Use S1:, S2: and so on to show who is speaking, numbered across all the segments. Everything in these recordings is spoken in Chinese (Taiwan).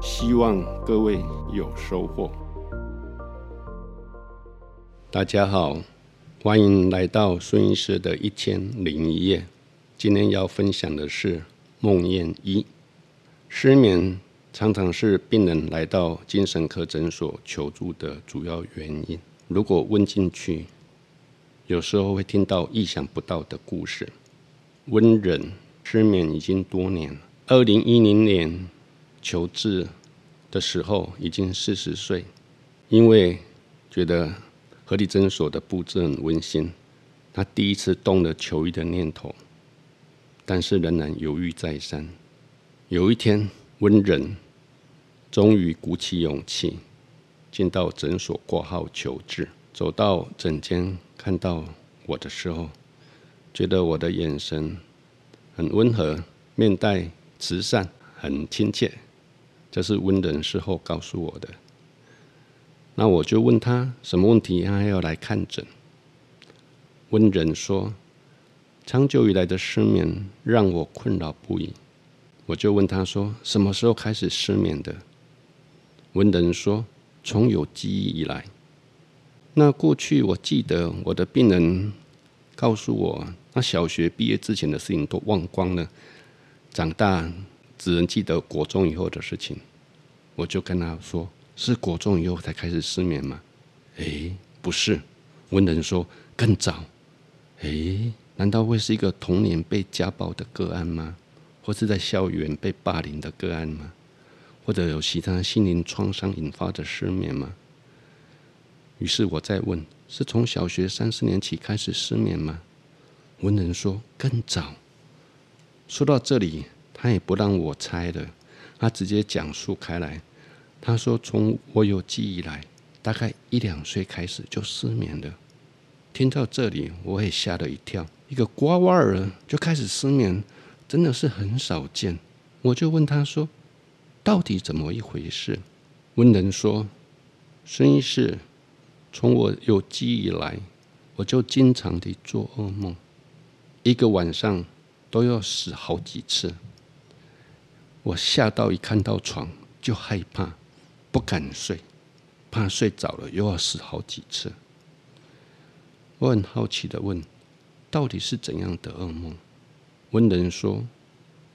S1: 希望各位有收穫。大家好，歡迎來到孫醫師的一千零一夜。今天要分享的是夢魘一。失眠常常是病人來到精神科診所求助的主要原因。如果問進去，有時候會聽到意想不到的故事。溫仁失眠已經多年，二零一零年求治的時候已經四十歲，因為覺得河堤診所的佈置很溫馨，他第一次動了求醫的念頭，但是仍然猶豫再三。有一天，溫仁終於鼓起勇氣進到診所掛號求治，走到診間看到我的時候，覺得我的眼神很溫和，面帶慈善，很親切。這是溫仁事後告訴我的。那我就問他什麼問題，他還要來看診。溫仁說，長久以來的失眠讓我困擾不已。我就問他說，什麼時候開始失眠的？溫仁說，從有記憶以來。那過去我記得我的病人告訴我，那小學畢業之前的事情都忘光了，長大。只能記得國中以後的事情，我就跟他說：“是國中以後才開始失眠嗎？”哎，不是，溫仁說更早。哎，難道會是一個童年被家暴的個案嗎？或是在校園被霸凌的個案嗎？或者有其他心靈創傷引發的失眠嗎？於是我再問：“是從小學三四年起開始失眠嗎？”溫仁說更早。說到這裡。他也不讓我猜的，他直接講述開來。他說：“從我有記憶來，大概一兩歲開始就失眠了。”聽到這裡，我也嚇了一跳。一個瓜娃兒就開始失眠，真的是很少見。我就問他說：“到底怎麼一回事？”溫仁說：“孫醫師，從我有記憶來，我就經常地做噩夢，一個晚上都要死好幾次。”我嚇到一看到床就害怕，不敢睡，怕睡着了又要死好幾次。我很好奇的問，到底是怎樣的噩夢？溫仁說，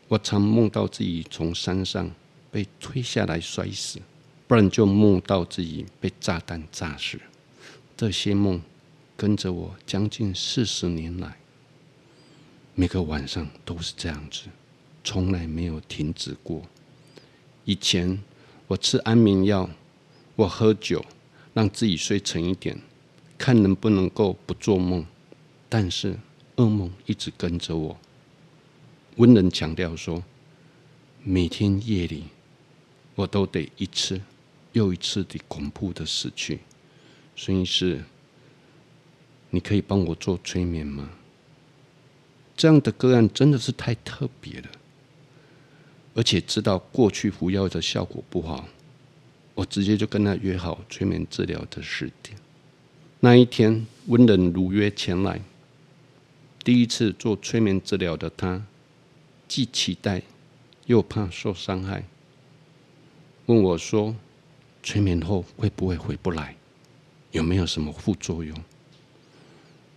S1: 我常夢到自己從山上被推下來摔死，不然就夢到自己被炸彈炸死。這些夢跟着我將近四十年來，每個晚上都是這樣子。從來沒有停止過。以前我吃安眠藥，我喝酒，讓自己睡沉一點，看能不能夠不做夢，但是噩夢一直跟着我。溫仁強調說，每天夜裡我都得一次又一次的恐怖的死去。孫醫師，你可以幫我做催眠嗎？這樣的個案真的是太特別了。而且知道過去服藥的效果不好，我直接就跟他約好催眠治療的時間，那一天，溫仁如約前來。第一次做催眠治療的他，既期待又怕受傷害。問我說：“催眠後會不會回不來？有沒有什麼副作用？”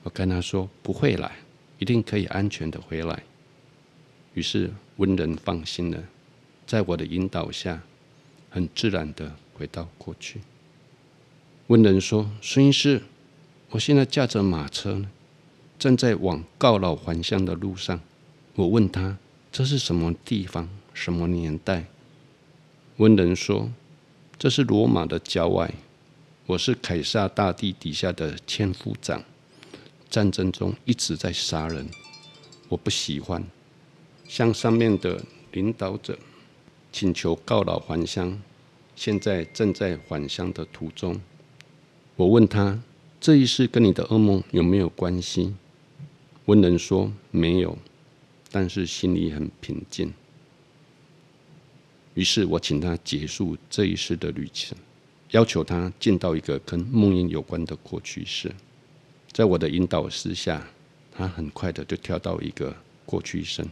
S1: 我跟他說：“不會來，一定可以安全的回來。”於是。溫仁放心了，在我的引導下，很自然的回到過去。溫仁說：“孫醫師，我現在駕着馬車呢，正在往告老還鄉的路上。”我問他：“這是什麼地方？什麼年代？”溫仁說：“這是羅馬的郊外，我是凱撒大帝底下的千夫長，戰爭中一直在殺人，我不喜歡。”向上面的領導者請求告老還鄉，現在正在還鄉的途中。我問他，這一世跟你的噩夢有沒有關係？溫仁說沒有，但是心裡很平靜。於是我請他結束這一世的旅程，要求他進到一個跟夢魘有關的過去世。在我的引導之下，他很快的就跳到一個過去一生。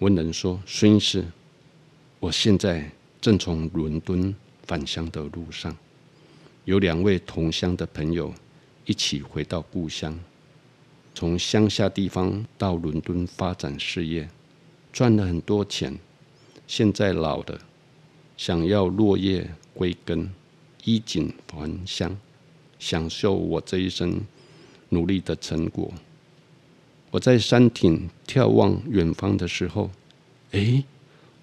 S1: 溫仁說：“孫醫師，我現在正從倫敦返鄉的路上，有兩位同鄉的朋友一起回到故鄉，從鄉下地方到倫敦發展事業，賺了很多錢。現在老了，想要落葉歸根，衣錦還鄉，享受我這一生努力的成果。”我在山頂眺望遠方的時候，哎、欸，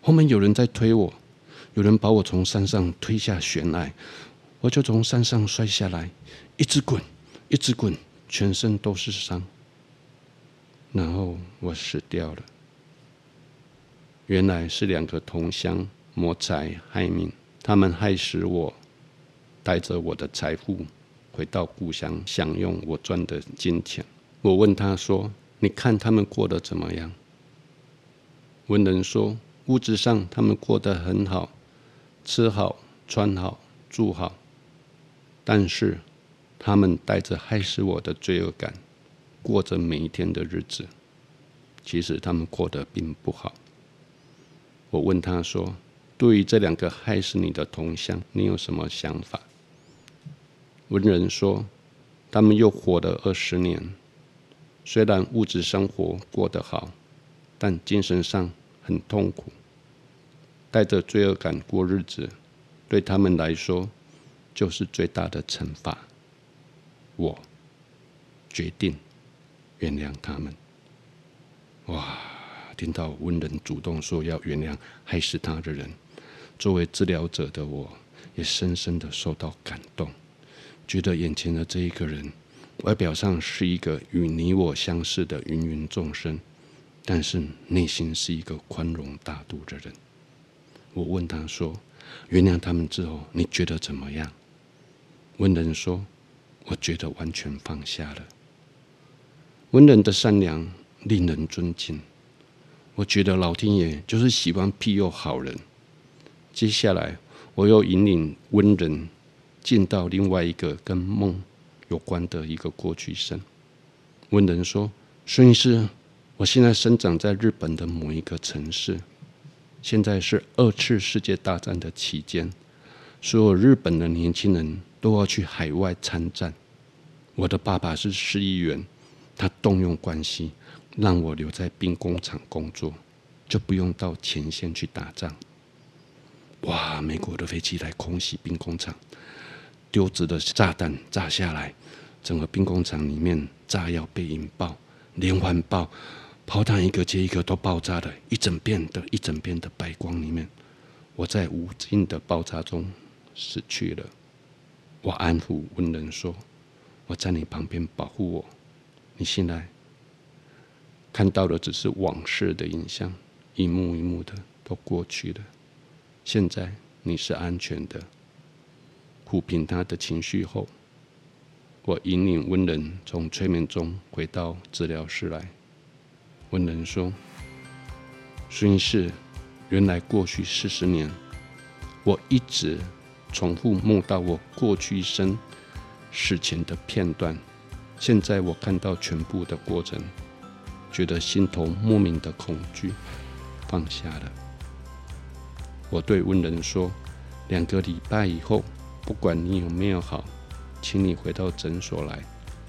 S1: 後面有人在推我，有人把我從山上推下懸崖，我就從山上摔下來，一直滾，一直滾，全身都是傷，然後我死掉了。原來是兩個同鄉謀財害命，他們害死我，帶着我的財富回到故鄉享用我賺的金錢。我問他說。你看他們過得怎麼樣？溫仁說：物質上他們過得很好，吃好、穿好、住好。但是，他們帶着害死我的罪惡感，過着每一天的日子。其實他們過得並不好。我問他說：“對於這兩個害死你的同鄉，你有什麼想法？”溫仁說：“他們又活了二十年。”雖然物質生活過得好，但精神上很痛苦，帶着罪惡感過日子，對他們來說就是最大的懲罰。我決定原諒他們。哇，聽到溫仁主動說要原諒害死他的人，作為治療者的我，也深深的受到感動，覺得眼前的這一個人。外表上是一個與你我相似的芸芸眾生，但是內心是一個寬容大度的人。我問他說：“原諒他們之後，你覺得怎麼樣？”溫仁說：“我覺得完全放下了。”溫仁的善良令人尊敬。我覺得老天爺就是喜歡庇佑好人。接下來，我又引領溫仁見到另外一個跟夢。有關的一個過去生，溫仁說：“孫醫師，我現在生長在日本的某一個城市，現在是二次世界大戰的期間，所有日本的年輕人都要去海外參戰。我的爸爸是市議員，他動用關係讓我留在兵工廠工作，就不用到前線去打仗。哇，美國的飛機來空襲兵工廠。”丟子的炸彈炸下來，整個兵工廠裡面炸藥被引爆，連環爆，炮彈一個接一個都爆炸了，一整片的一整片的白光裡面，我在無盡的爆炸中死去了。我安撫溫仁說：“我在你旁邊保護我，你現在看到的只是往事的影像，一幕一幕的都過去了，現在你是安全的。”撫平他的情緒後，我引領溫仁從催眠中回到治療室來。溫仁說：“孫醫師，原來過去四十年，我一直重複夢到我過去一生事情的片段。現在我看到全部的過程，覺得心頭莫名的恐懼，放下了。”我對溫仁說：“兩個禮拜以後。”不管你有沒有好，請你回到診所來，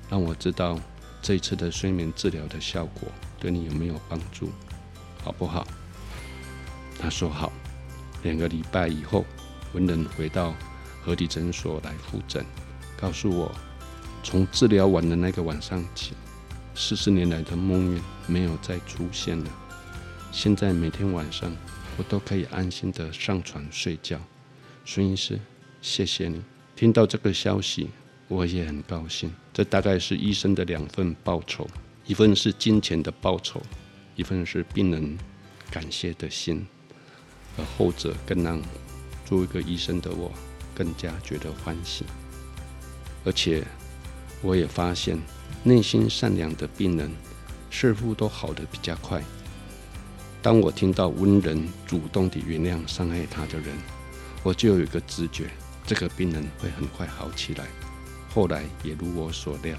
S1: 讓我知道這一次的睡眠治療的效果對你有沒有幫助，好不好？他說好。兩個禮拜以後，溫仁回到河堤診所來復診，告訴我，從治療完的那個晚上起，四十年來的夢魘沒有再出現了。現在每天晚上，我都可以安心的上床睡覺。孫醫師，謝謝你。聽到這個消息，我也很高興。這大概是醫生的兩份報酬，一份是金錢的報酬，一份是病人感謝的心。而後者更讓作為一個醫生的我更加覺得歡喜。而且我也發現，內心善良的病人似乎都好得比較快。當我聽到溫仁主動地原諒傷害他的人，我就有一個直覺。這個病人會很快好起來，後來也如我所料。